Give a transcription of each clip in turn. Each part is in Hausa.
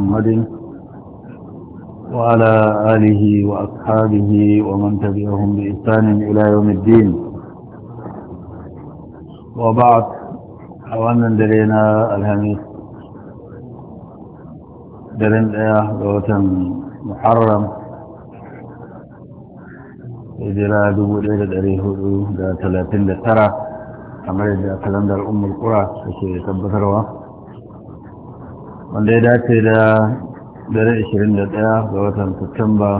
محمد وعلى آله وأصحابه ومن تبعهم بإحسان إلى يوم الدين وبعد أولا درينا الهميس درين إياه دوتا محرم إجراء دبو إلى دريه دا 39 كما يدعى دا أم القرى كي تبتروا wanda ya dace da dare 21 ga watan Satumba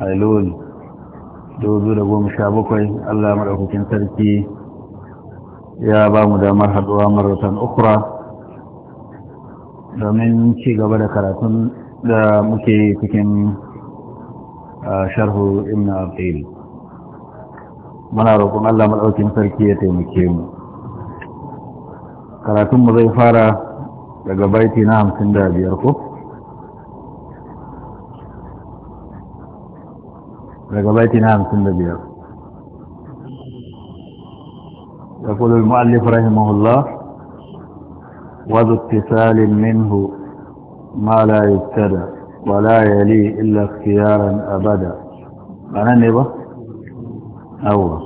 a sha 2017 Allah maɗaukakin sarki ya ba mu damar haɗuwa maratan ukura domin ci gaba da karatun da muke cikin sharhu imna abdil muna roƙon Allah maɗaukakin sarki ya taimake mu karatunmu zai fara daga baiti na hamsin da biyar ko daga baiti na hamsin da biyar يقول المؤلف رحمه الله وذو اتصال منه ما لا يبتدى ولا يلي إلا اختيارا أبدا معنى النبا أول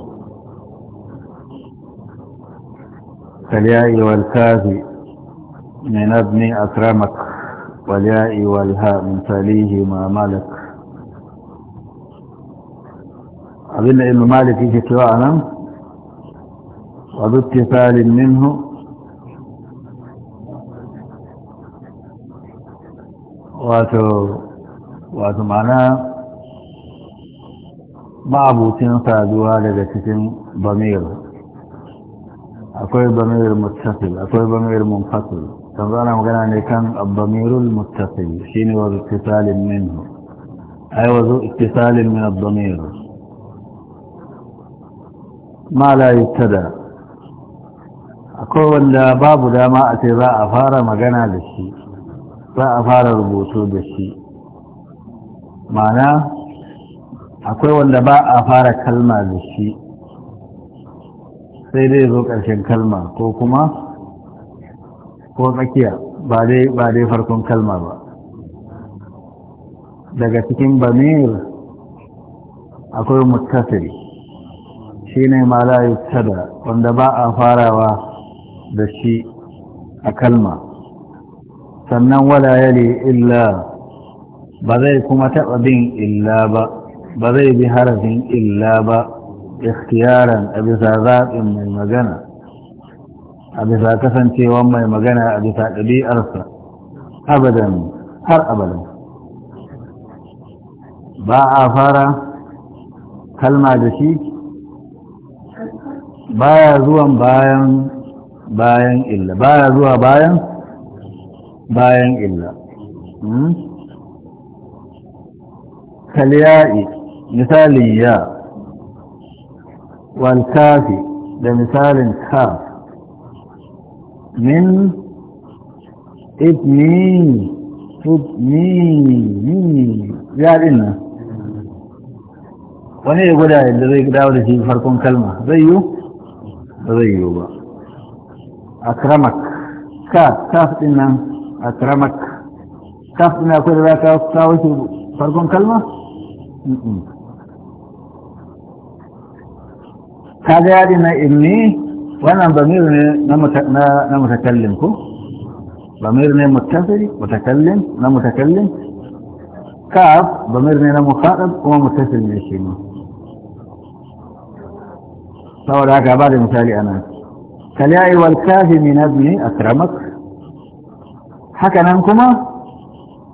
كالياء والكافي من ابن أكرمك والياء والهاء من فاليه ما مالك أظن إن مالك يجي كواء نم وباتصال منه واتو واتو معنا معبوطين فادوها لجتسم ضمير أكوي ضمير متصل أكوي ضمير منفصل tambara magana ne kan abdamirul mutafi shi ne wa ittisalin minhu ai wazo ittisalin min abdamir ma la akwai wanda babu dama a ce za a fara magana da shi za a fara rubutu da shi mana akwai wanda ba fara kalma da shi sai dai zo ƙarshen kalma ko kuma ko tsakiya ba dai farkon kalma ba daga cikin bamir akwai mutasiri shine ma la yuktada wanda ba a farawa da shi a kalma sannan wala yali illa ba zai kuma taɓa bin illa ba ba zai bi harafin illa ba ikhtiyaran a bisa zaɓin mai magana a bisa kasancewan mai magana a bisa ɗabi'arsa abadan har abadan ba a fara kalma da shi baya zuwan bayan bayan illa baya zuwa bayan bayan illa hmm? kalya'i misalin ya Walkafi, da misalin kafi من ابني ابني يا لنا وهي غدا اللي زي غدا ولا شيء فرقون كلمة زيو زيو با أكرمك كاف كاف إن أكرمك كاف إن أقول لك كاف في فرقون كلمة كذا يا لنا وانا ضميرني انا متكلم ضميرني متفر متكلم انا متكلم كاف ضميرني انا مخاطب وما متصل بشيء فهو راك بعد مثالي انا كلاي والكاف من ابني اكرمك حكمنكما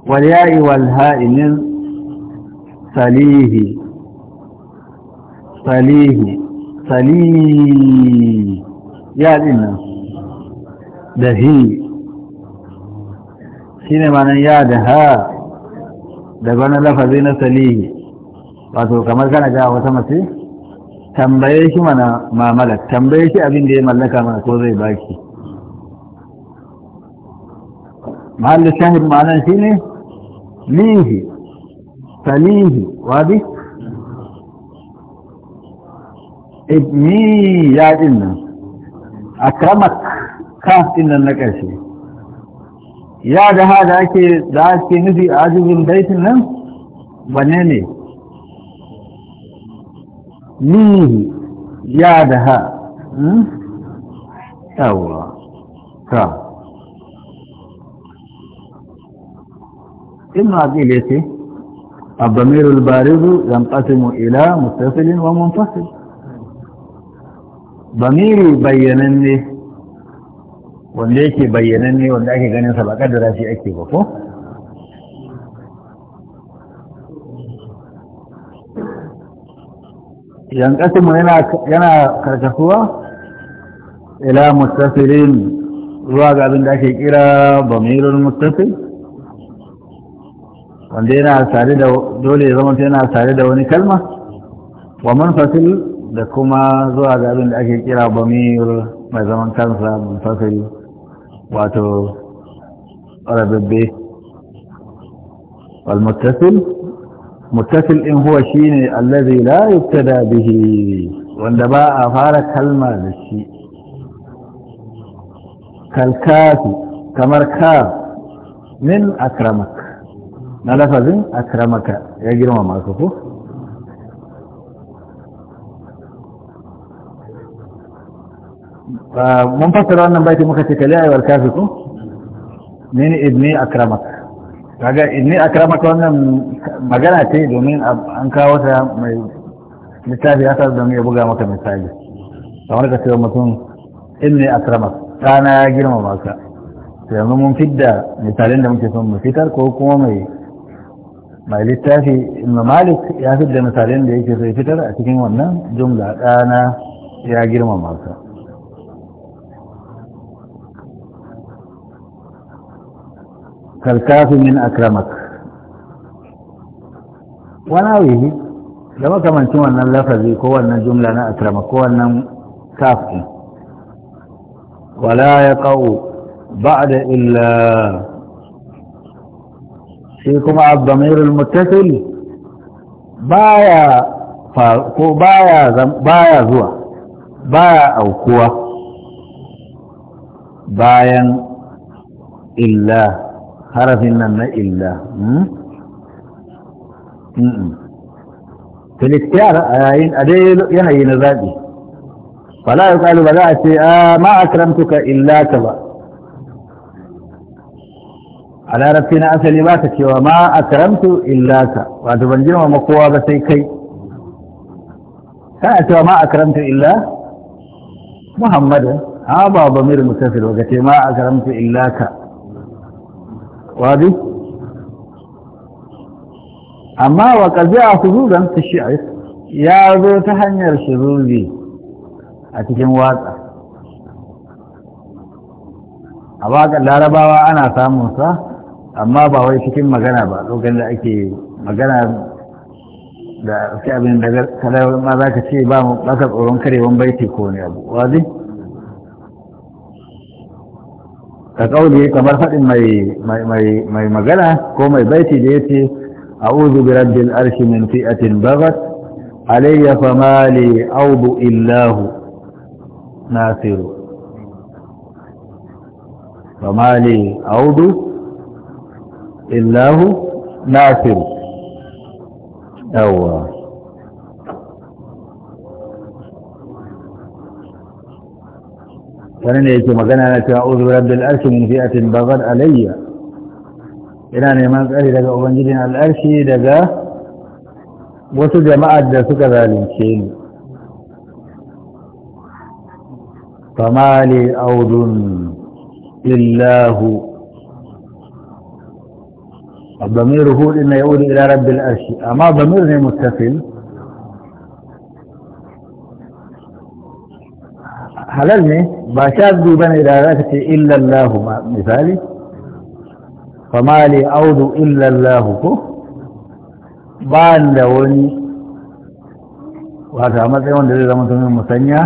والياء والهاء من صليه صليه صليه ya din nan da hi shi ne manan ya da ha da gwani lafazi na salihi wato kamar kana ga wata mace tambaye shi mana mamala tambaye shi abin da ya mallaka mana ko zai baki mahallin shahid ma'anan shi ne lihi salihi wadi ibni ya din nan أكرمك خاف إن النكاشي يا ده هذا كي ده كي نبي أجيب البيت لنا بنيني ليه يا ده أولا كا إما أبي ليتي الضمير البارد ينقسم إلى متصل ومنفصل bamiri bayyananne wanda yake bayyananne wanda ake ganin sa ba kaddara shi ake ba ko yankasimu yana karkasuwa ila mustafilin zuwa ga abin da ake kira bamirin mustafil sare da dole ya zama yana sare da wani kalma wa manfasil da kuma zuwa ga abin da ake kira bamir mai zaman kansa munfasiri wato rababbe والمتصل متصل إن هو شين الذي لا يبتدى به واندباء أفار كلمة للشيء كالكافي كمركاف من أكرمك نلفظ أكرمك يجرم ما كفوه mun fassara wannan baiti muka ce kali ayyuwar kafi ko ne ne izini akramak kaga ibni akramak wannan magana ce domin an kawo ta mai littafi ya sa domin ya buga maka misali kamar ka ce mutum izini akramak ɗana ya girmama ka yanzu mun fidda misalin da muke son mu fitar ko kuma mai mai littafi ibn malik ya fidda misalin da yake so ya fitar a cikin wannan jumla ɗana ya girmama ka kalkafi min akramak wani wihi da makamancin wannan lafazi ko wannan jumla na akramak ko wannan kafi wala ya kawo ba da illa shi kuma abdamirul mutasil baya ko baya baya zuwa baya aukuwa bayan illa harafin nan na illa filistiyar a yayin a dai yanayi na zaɓi fala ya ƙalu ba za a ce a ma akramtuka illa ka ba a larabci na asali ba ta cewa ma akramtu illa ka wato ban girmama kowa ba sai kai kana cewa ma akramtu illa muhammadin ha ba ba mir mutasil wa ce ma akramtu illa ka واضح أما وقد ta shi a الشعر ya zo ta hanyar shi واضح a baka larabawa ana samunsa amma ba wai cikin magana ba dogon da ake magana da suke abin da kada ma za ka ce ba ka tsoron karewan baiti ko ne abu wazi ka kauli kamar faɗin mai magana ko mai baiti da yace a'udhu bi rabbil arshi min fi'atin baghat alayya fama li audu illahu nasiru fama li audu illahu nasiru yawwa wani ne yake magana na cewa uzu rabbil arshi min fi'atin bagad alayya ina neman tsari daga ubangijin al'arshi daga wasu jama'ar da suka zalunce ni fama li audun illahu الضمير هو إن يعود إلى رب الأرش أما ضمير متصل halal ne ba sha ba ne da za ka ce illallahu misali ma li audu illallahu ko ba da wani wata matsayin wanda zai zama tumin musanya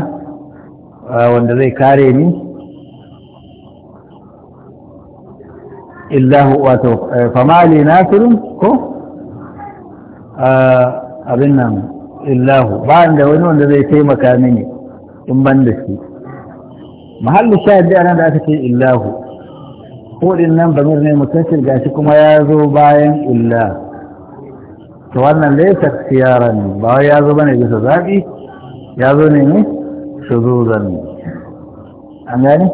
wanda zai kare ni illahu wato eh, ma li nasirin ko abin nan illahu ba da wani wanda zai taimaka mini in ban da shi mahallin shahid da nan da aka ce illahu kodin nan bamir ne mutuncin gashi kuma ya zo bayan illa ta wannan laisa siyaran ba wai ya zo ba bane bisa zaɓi ya zo ne ne shuzuzan an gani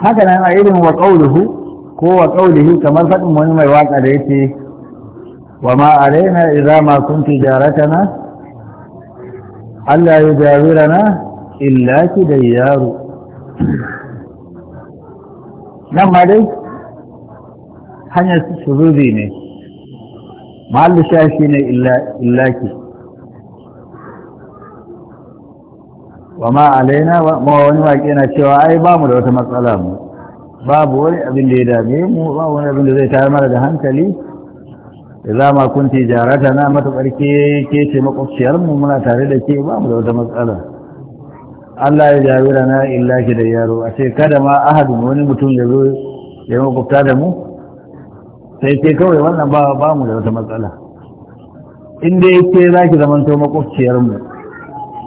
haka nan a irin wa ƙaunuhu ko wa ƙaunuhu kamar faɗin wani mai waƙa da ce, wa ma alaina idza ma jarata na? Allah ya jawirana illa ki da yaro nan ma dai hanyar shuruzi ne mahallu shashi ne illa ki wa ma alaina wani waƙi yana cewa ai ba mu da wata matsala mu babu wani abin da ya dame mu ba wani abin da zai tayar mara da hankali da za ma kunti jarata na matuƙar ke ke ce mu muna tare da ke ba mu da wata matsala Allah ya jawira na illa ki da yaro a ce kada ma ahadin wani mutum ya zo ya makwabta da mu sai ce kawai wannan ba mu da wata matsala in dai ke za ki zamanto mu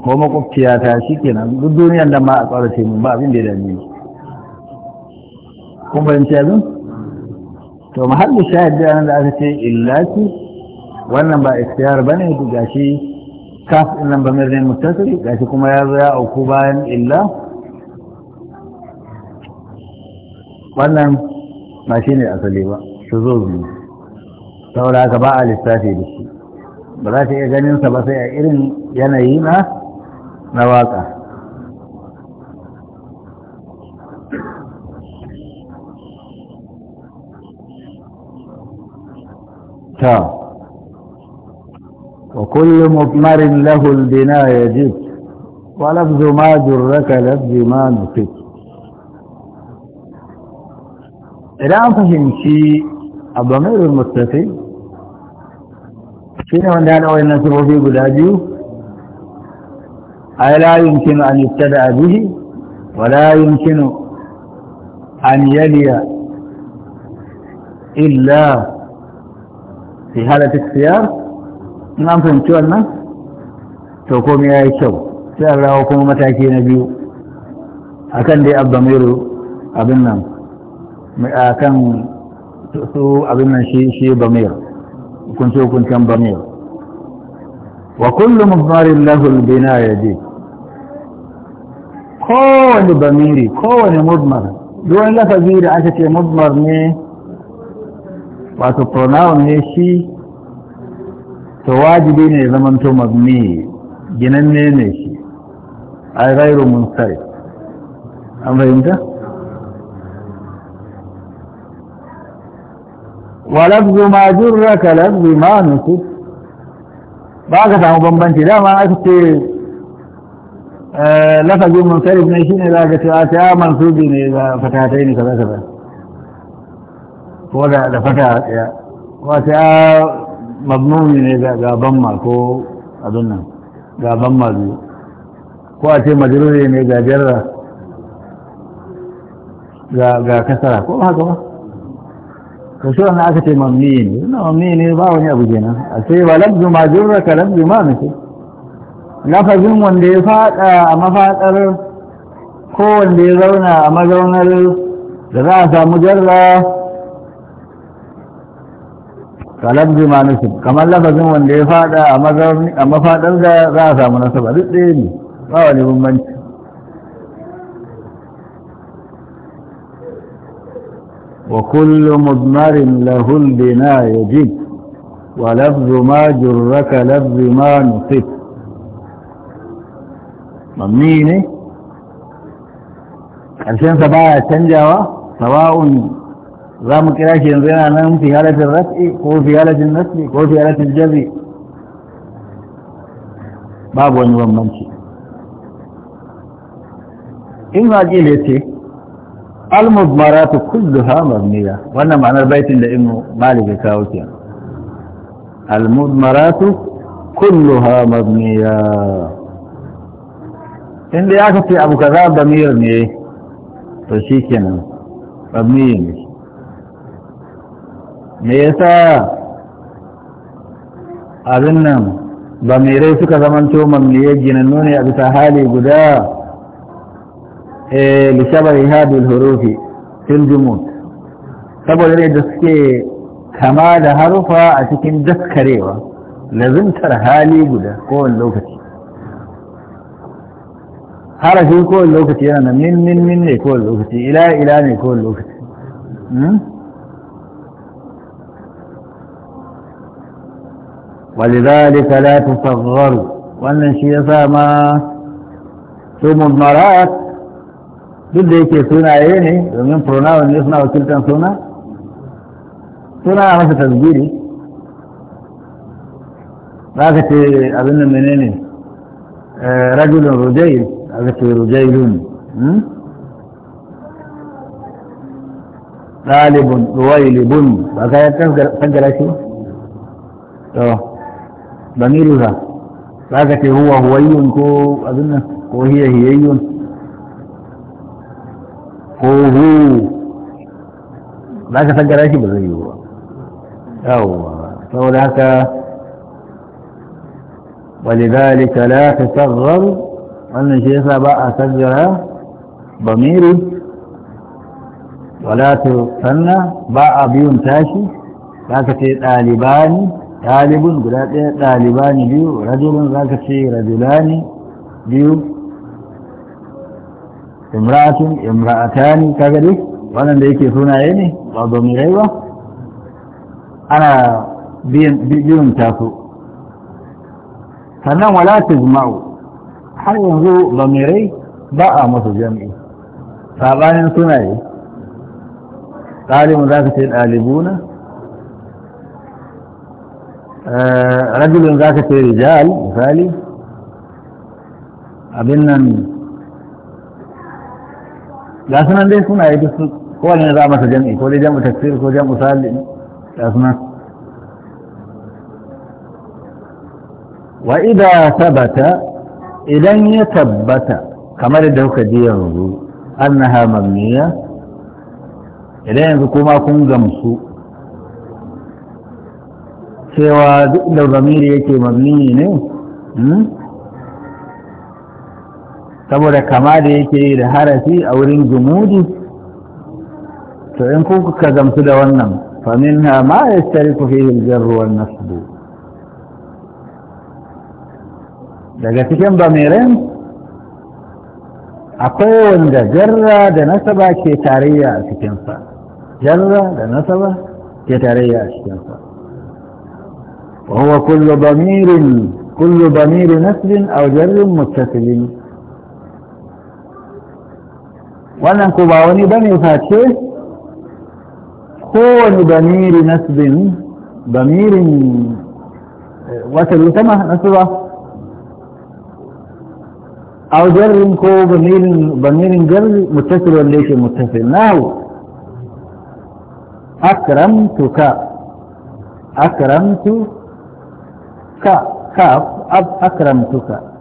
ko makwabciya ta shi kenan duk duniyar da ma a tsara ce mun ba abin da ya dame ni kun ce abin to mahallu shahid da da aka ce illaki wannan ba ikhtiyar ne ga shi kaf din nan ba mutasiri, ga shi kuma ya zo ya auku bayan illa wannan ba shine asali ba su zo zuwa saboda haka ba a lissafi da shi ba za ta iya ganin sa ba sai a irin yanayi na نواقع وكل مطمر له البناء يجب ولفظ ما جرك لفظ ما نفت إذا فهم شيء أبو مير المتفي فين من دعنا وإن نسبه في بلاديو أي لا يمكن أن يبتدأ به ولا يمكن أن يلي إلا في حالة اختيار in an fahimci wannan to komai ya yi kyau sai an rawa kuma mataki na biyu a kan dai abdamiru abin nan a kan su abin nan shi bamir hukunce hukuncen bamir وكل مضمار له البناء يجيب kowane bamiri kowane mudmar duwan lafazi da aka ce mudmar ne wato pronoun ne shi to wajibi ne zamanto mabni ginanne ne shi a rairu munsari an fahimta? walabzu ma jirra ka labzu ma nusuf ba ka samu bambanci dama aka ce eh, lafazin munsarif ne ne za ka ce a ta mansubi ne ga yi ne kaza kaza ko da da fata ɗaya ko ta mabnumi ne ga gaban ma ko abin nan gaban ma biyu ko a ce majruri ne ga jarra ga kasara ko haka ba to shi wannan aka ce mamni ne wannan mamni ne ba wani abu nan a ce ba labzu ma jurra ka ma mace lafazin wanda ya fada a mafadar ko wanda ya zauna a mazaunar da za a samu jarra ka labzu ma nufin. kamar lafazin wanda ya fada a mafadar da za a samu nasaba duk ɗaya ne ba wani bambanci وكل مضمر له البناء يجب ولفظ ما جرك لفظ ما نصف ممين عشان سبا يتنجوا سواء رام كراش ينزينا نام في هالة الرفع هو في هالة النسل هو في هالة الجذي باب ونوان منشي إن راجل يتيه almuzmaratu kulluha mabniya wannan ma'anar baitin da ibnu malik ya kawo ke almuzmaratu kulluha mabniya inda ya kace abu kaza da mir ne to shikenan mabni ne me yasa abin nan ba mai rai suka zamanto mamliyar ginin nuni a bisa hali guda إيه، لسبب هذه الحروف في الجمود سبب لي كمال كما حروف اتكن ذكريوا لازم ترى حالي قد كون لوكتي هذا شيء كون لوكتي انا من من من يكون لوكتي الى الى ان يكون لوكتي ولذلك لا تصغر وان شيء ما ثم المرات duk da yake suna sunaye ne domin pronoun ne suna wakiltan suna suna a masa tasbiri za ka ce abin da menene rajulun rujail za ka ce rujailun ɗalibun ɗuwailibun ba ka yi taggara shi to ba miru za ka ce huwa huwayyun ko abin nan ko hiyayyun ko hu za ka san gara ba zai yi ba yawwa da haka ولذلك لا تصغر wannan shi yasa ba a san sajjara bamiri wala to sanna ba a biyun tashi za ka ce ɗalibani ɗalibun guda ɗaya ɗalibani biyu rajulun za ka ce rajulani biyu imratun imra'atani kaga dai wannan da yake sunaye ne ba domirai ba ana biyun taso sannan wala tijma'u har yanzu domirai ba a masu jam'i sabanin sunaye ɗalibin za ka ce ɗalibuna rajulun za ka ce rijal misali abin nan ga sunan dai suna yi duk kowane za masa jami'i ko dai jam'u tafsir ko jam'u ne, ga sunan wa idan sabata idan ya tabbata kamar da kuka ji yanzu annaha mamniya idan yanzu kuma kun gamsu cewa duk da zamiri yake mamni ne hmm? saboda kama da yake yi da harafi a wurin jumudi to in ku ka gamsu da wannan famin ha ma ya tsari ku fi hiljar ruwan nasbu daga cikin bamirin akwai wanda jarra da nasaba ke tarayya a cikinsa jarra da nasaba ke tarayya a cikinsa وهو كل ضمير كل ضمير نسب أو جر متصل wannan ku ba wani bane face kowane damiri nasbin damirin eh, wata lutama nasuwa aujarin ko damirin garri mutasir wanda yake mutasir nahu akramtu ka akramtu ka ka akramtu ka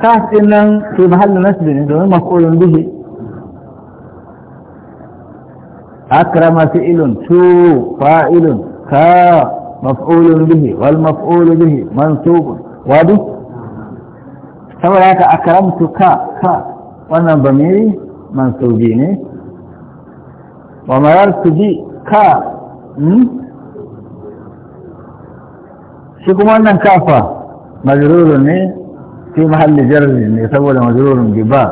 kas din nan fi mahallin nasbi ne domin maf'ulun bihi akrama fi'ilun tu fa'ilun ka maf'ulun bihi wal maf'ulu bihi mansubun wadi saboda haka akramtu ka ka wannan bamiri mansubi ne wa marartu bi ka hmm? shi kuma wannan ne في محل جر يتول مجرور جبار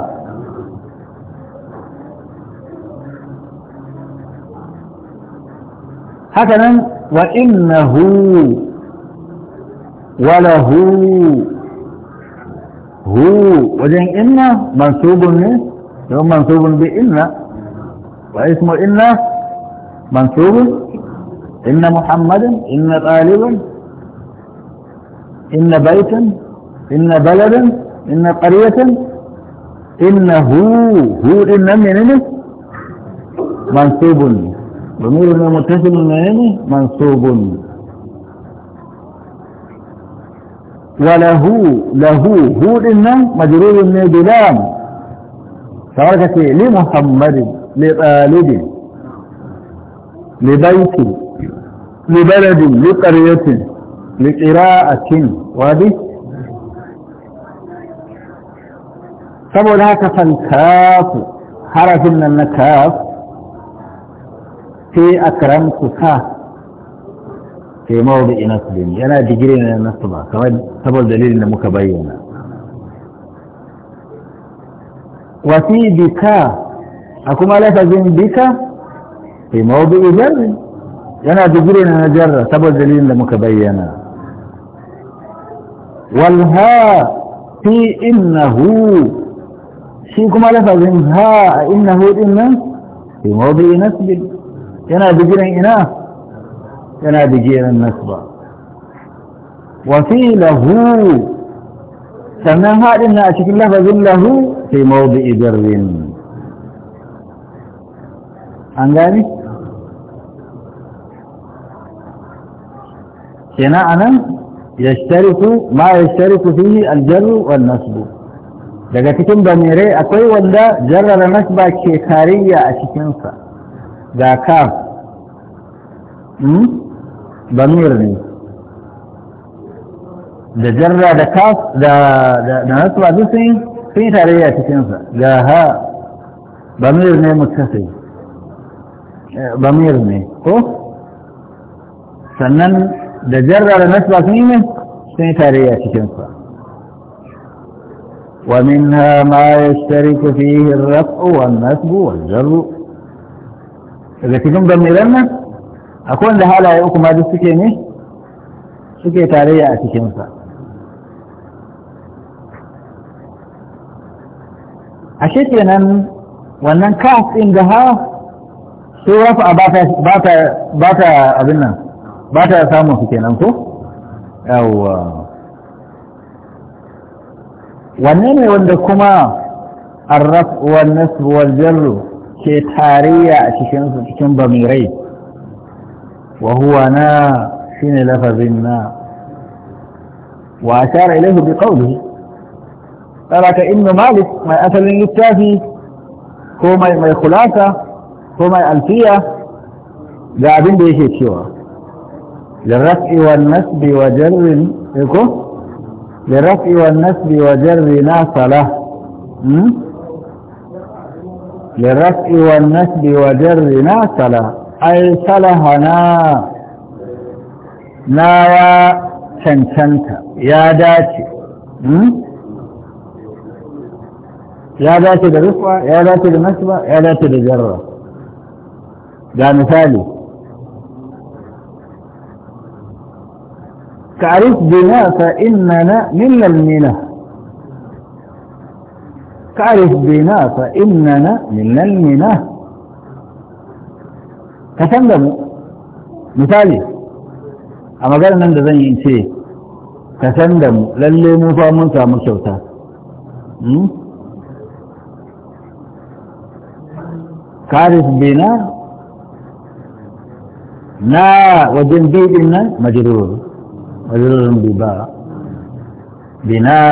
حسنا وانه وله هو وجن ان منصوب منه منصوب بان واسم ان منصوب ان محمدا ان طالبا ان بيتا إن بلدا إن قرية إنه هو إن من منصوب ضمير متصل من منصوب وله له هو إن مجرور من بلام تركت لمحمد لآلد لبيت لبلد لقرية لقراءة وهذه طب هناك فالكاف حرف من النكاف في أكرم كفاة في موضع نصب أنا تجري من النصب طب الدليل أنه مكبين وفي بكاء أكما لفظين بكاء في موضع جر أنا تجري من جر طب الدليل أنه مكبين والها في إنه شيكم على فازم ها إنه إنه في موضع نسب ينا بجير إنا ينا بجير النسب وفي له إنه إنا أشكل لفظ له في موضع بر أنجاني هنا أنا يشترك ما يشترك فيه الجر والنصب daga cikin damirai akwai wanda jarrara nasba ke tariya a cikinsa ga kaf bamir hmm? ne da jarra da kaf da nasba duk sun yi a cikinsa ga ha bamir ne mutasai bamir eh, ne ko sannan da jarra da nasba sun yi ne sun yi a cikinsa ومنها ما يشترك فيه الرفع والنسب والجر إذا كنتم ضميرنا أكون لها لا يؤكم هذا السكين سكيت علي أتي كمسا أشيت ينن وأنن كاف عندها سوى رفع باتا باتا باتا أبنى باتا سامو سكين أنكو أو wanne ne wanda kuma arraf wal nasb wal ke tarayya a cikinsu cikin bamirai wa huwa na shine lafazin na wa ashara ilayhi bi qawlihi saraka ibn malik mai asalin littafi ko mai mai khulasa ko mai alfiya ga abin da yake cewa lirraf'i wal nasb wa jarr eh ko لرفع والنسب وجر ناصلة للرفع والنسب وجر ناصلة أي صلحنا cancanta ya dace da rufa ya dace da nasba ya dace da jarra ga misali تعرف بنا فإننا من المنى تعرف بنا فإننا من المنى تسندم مثالي أما قال من دزني إنسي تسندم للي موفا منسا من شوتا تعرف بنا نا وجنبي بنا مجرور والربا بنا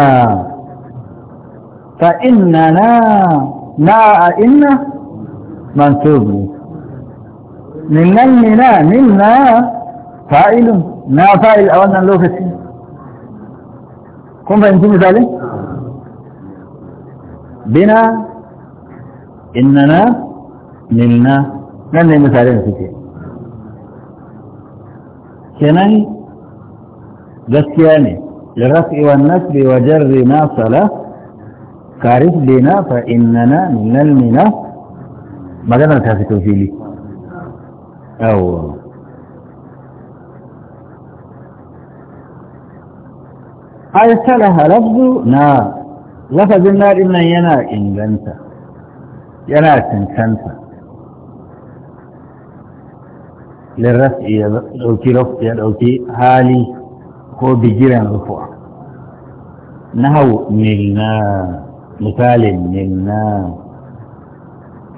فإننا مع إنا منصوب منا منا منا فاعل ما فاعل أو أن اللوكسي كم فهمتم مثالي بنا إننا منا من مثالين كتير kenan غسياني لرفع والنسب وجر ناصلة كارث لنا فإننا نلمنا ماذا نتحدث في لي أو هاي سالها لفظ نار لفظ النار إن ينا إن جنت ينا تنسنت للرفع يلوكي رفع يلوكي هالي ko bigiran rufuwa hau nilna misalin nilna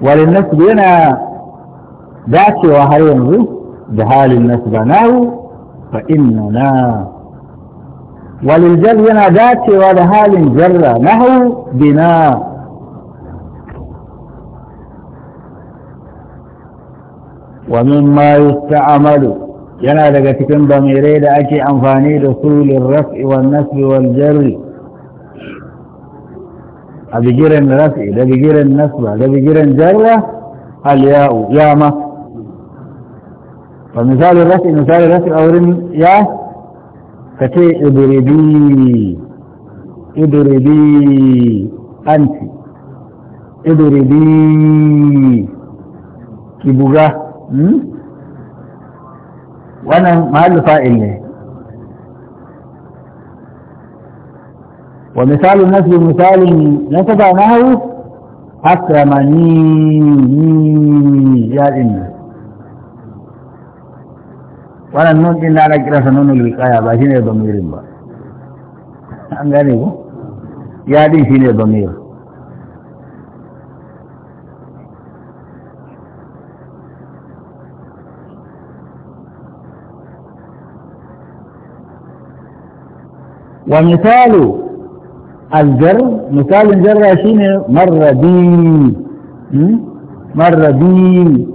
walin nasu yana dacewa har yanzu da halin nasu ba nahu fa inna na walin jar yana dacewa da halin jarra nahau bina ومما يستعمل yana daga cikin bamirai da ake amfani da su lirrafi wa nasbi wal jari a bigiren rafi da bigiren nasba da bigiren jarra hal ya'u ya ma fa misalin rafi misalin rafi a wurin ya ka ce idribi idribi anti idribi ki buga hmm? wannan mahallu fa'il ne ومثال النفي مثال نسب معه أكرمني يا إنا وانا النون إلا على كرة سنون الوقاية باشين ضمير با أنقاني إيه؟ يا دين شين ضمير ومثال الجر مثال الجر شنو؟ مر بي مر بي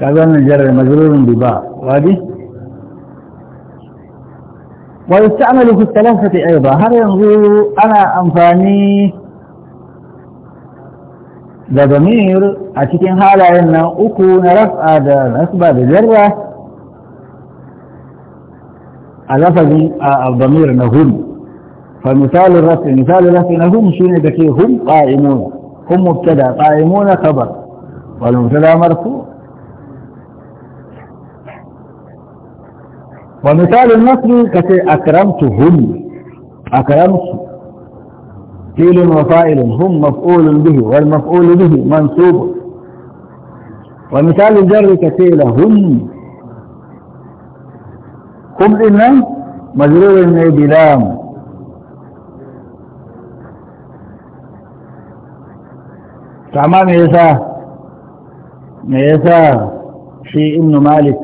كذلك الجر مجرور بباء وادي ويستعمل في الثلاثة أيضا هل ينظر أنا أنفاني ذا ضمير أتكين حالا إن أكون رفع ده نسبة بجرة لفظ آه، الضمير نهم فمثال الرفع مثال الرفع نهم شنو دكي هم قائمون هم مبتدا قائمون خبر والمبتدا مرفوع ومثال النصر كتي أكرمتهم أكرمت فيل وفائل هم مفعول به والمفعول به منصوب ومثال الجر كتي لهم قم إنه مجرور إنه بلام سعما ميسا ميسا شيء إنه مالك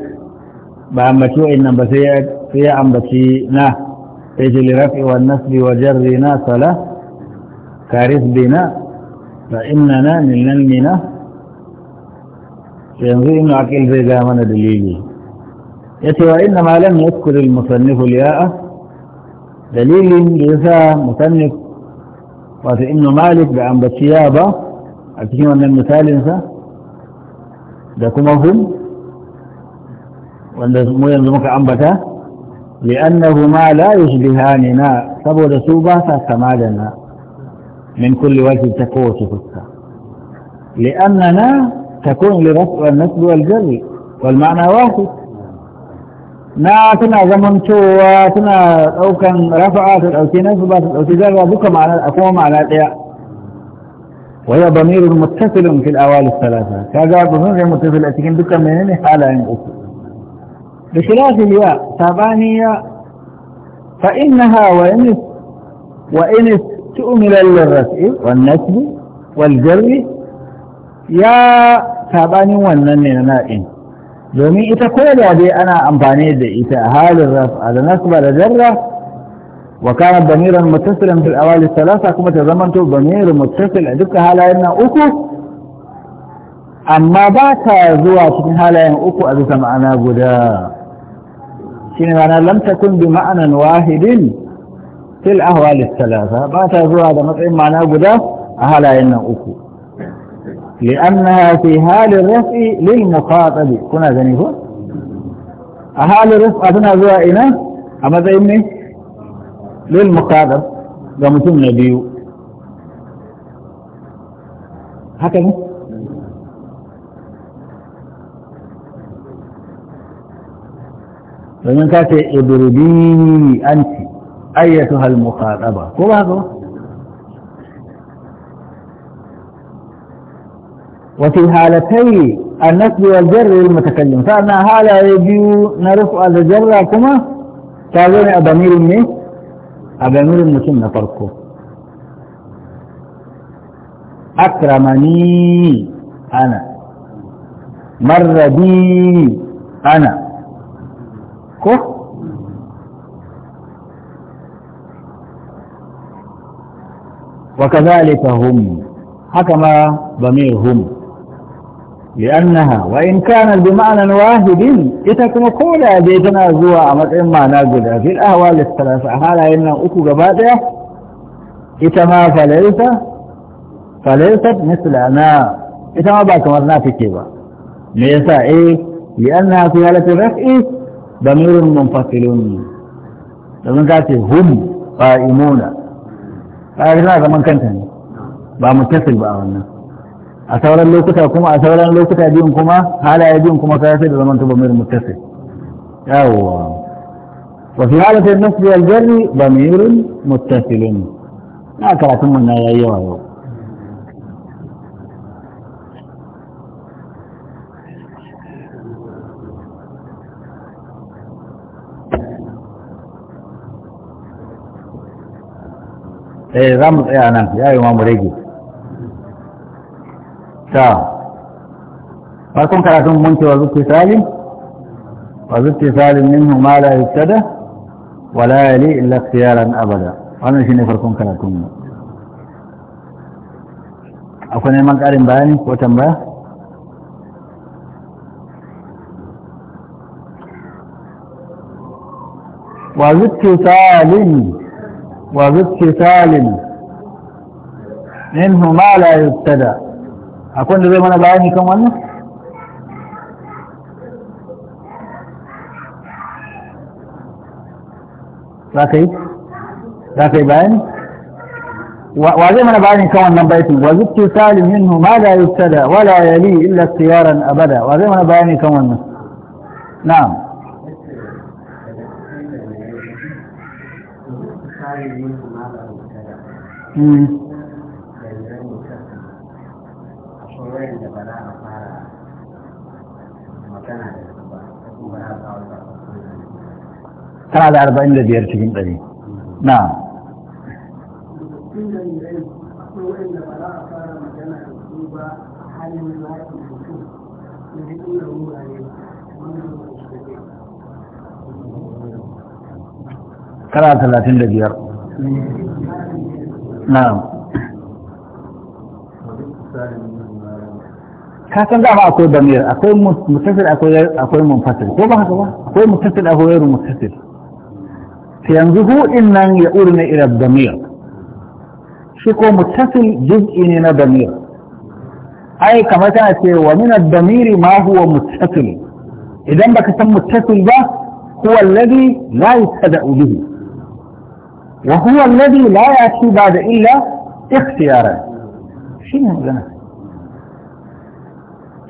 بعم شو إنه بسيئك فيه عم بسيئنا إجل رفع والنسب وجرنا صلاة كارث بنا فإننا من المنا سينظر إنه عقل في دامنا دليلي يتي وإنما لم يذكر المصنف الياء دليل لذا مصنف وفي إنه مالك بعنب الشيابة أتكلم أن المثال إنسا دكمهم وأنه ينظمك عنبتا لأنهما لا يشبهاننا سبو رسوبة فكمالنا من كل وجه تقوى شفتها لأننا تكون لرسوة النسب والجري والمعنى واحد na suna zaman cewa suna ɗaukan rafa'a ta ɗauki nasu ba ta ɗauki zarra duka ma'ana a kuma ma'ana ɗaya waya bamirin muttasilin fil awali talata ta ga bamirin zai muttasil a cikin dukkan menene halayen uku da shilafi ya sabani ya fa innaha wa inis wa inis tu'mila lil raf'i wan nasbi wal jarri ya sabanin wannan ne na na'in domin ita ko dai ana amfani da ita a halin raf'a da nasba da jarra wa kana damiran muttasilan fil awali thalatha kuma ta zamanto damir mutasil a duka halayen nan uku amma ba ta zuwa cikin halayen uku a bisa ma'ana guda shine ma'ana lam takun bi ma'anan wahidin fil ahwali thalatha ba ta zuwa da matsayin ma'ana guda a halayen nan uku لأنها في حال الرفع للمخاطب كنا ذنبه حال الرفع أثناء ذوائنا أما ذنبه للمخاطب ومثل نبيه هكذا ومن ka ce أنت أيتها المخاطبة كل هذا وفي هالتي النصب والجر للمتكلم فأنا هذا يجي نرفع الجر كما تابعين أبامير مني أبامير المتنة فرقه أكرمني أنا مر بي أنا كف وكذلك هم حكم ضميرهم هم لأنها وإن كانت بمعنى واحد يتكم كولا بيتنا زوا أمر إما ناقل في الأهوال الثلاثة هذا إن أكو قبادة إتما فليس فليست مثلنا إتما باك مرنا في كيبا ليسا إيه لأنها في هالة الرفع ضمير منفصل لمن كانت هم قائمون قائمون كمان كنتني بقى متصل بقى والناس a sauran lokuta kuma a sauran lokuta biyun kuma halaye biyun kuma kaya sai da zaman ta bamir muttasil yawa wa fi halata an-nasb wal jarri bamir muttasil na karatun mun yayi yawa yau eh ramu, mu tsaya nan ya yi ma شعر فكم ثلاثون منت وزدت سالم وزدت سالم منه ما لا يبتدى ولا يلي إلا اختيارا أبدا وانا شيني فركم ثلاثون منت أكون إيمان كارم باني وتم باه وزدت سالم وزدت سالم منه ما لا يبتدأ akwai da zai mana bayani kan wannan za ka yi za ka yi bayani wa zai mana bayani kan wannan baitin wa zukki salim minhu ma la yustada wa la yali illa ikhtiyaran abada wa zai mana bayani kan wannan na'am Mm-hmm. ثلاثة أربعين الذي يرتكم قليل نعم إن العلم هو إن فلا لا يكون الحبوب من ثلاثة الذي نعم kasan da ba akwai damir akwai mutasir akwai munfasir ko ba haka ba akwai mutasir akwai yaro yanzu hu din nan ya urna ila damir shi ko muttasil juz'i ne na damir ai kamar ta ce wa min ad-damiri ma huwa muttasil idan baka san muttasil ba huwa alladhi la yustada'u bihi wa huwa alladhi la yati ba'da illa ikhtiyaran shi ne magana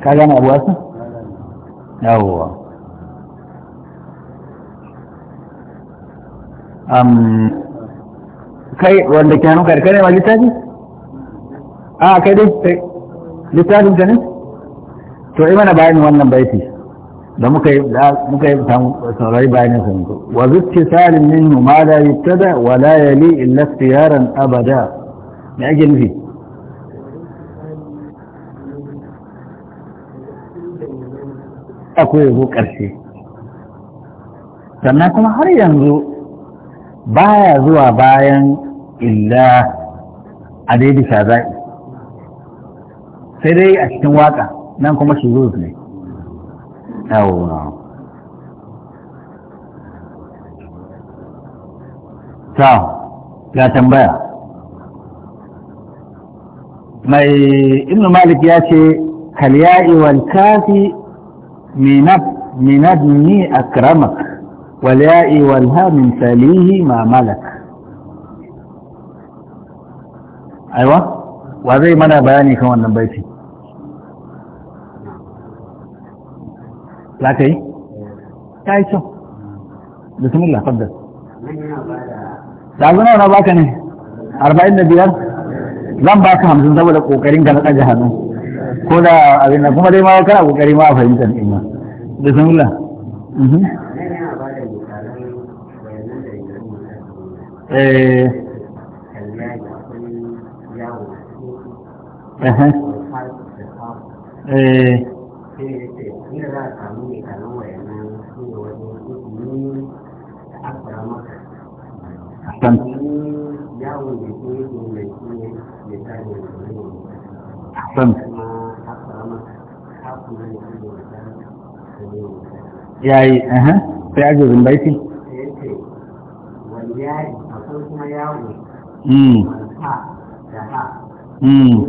ka gane abu wasu yawwa kai wanda ke hannun karkare ma littafi a kai dai littafin ka ne to yi mana bayanin wannan baiti da muka yi muka yi saurari bayanin sun ko wa zuci salim minhu ma la yuttada wa la yali illa ikhtiyaran abada me ake nufi akwai zo karshe sannan kuma har yanzu baya zuwa bayan illa a daidai shaza'i sai dai a cikin waka nan kuma shuzuz ne ta ya tambaya mai ibn malik ya ce kalya'i iwal kafi a akramak والياء والها من تليه ما ملك أيوة وهذا منا بياني ka yi لا كي كايشو بسم الله قدر لازم أنا باك نه أربعين نبيار zan ba ka hamsin saboda ƙoƙarin ka na ɗaga hannu ko da abin da kuma dai ma kana ma a fahimtar ɗin eh eh Ahsan. Ya sai ajiyar akwai kuma yawo ha hmm. hmm.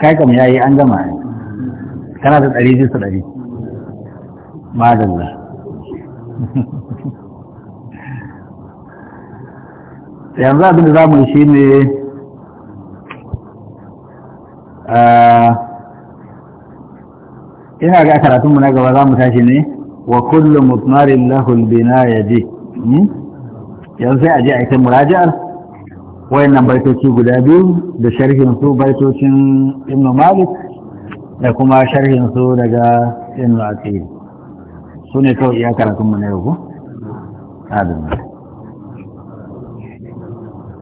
a to yayi an gama ne kana da ɗari jisa ɗari madalla yanzu abin da za mu shi ne Eh, ina ga karatunmu na gaba za mu tashi ne wa kullum mutmarin lahul bina ya je hmm? yanzu sai a je a ita muraja'ar wayannan baitoci guda biyu da sharhin su baitocin inu malik da kuma sharhin su daga inu asiri su ne kawai iya karatunmu na yau ku adamu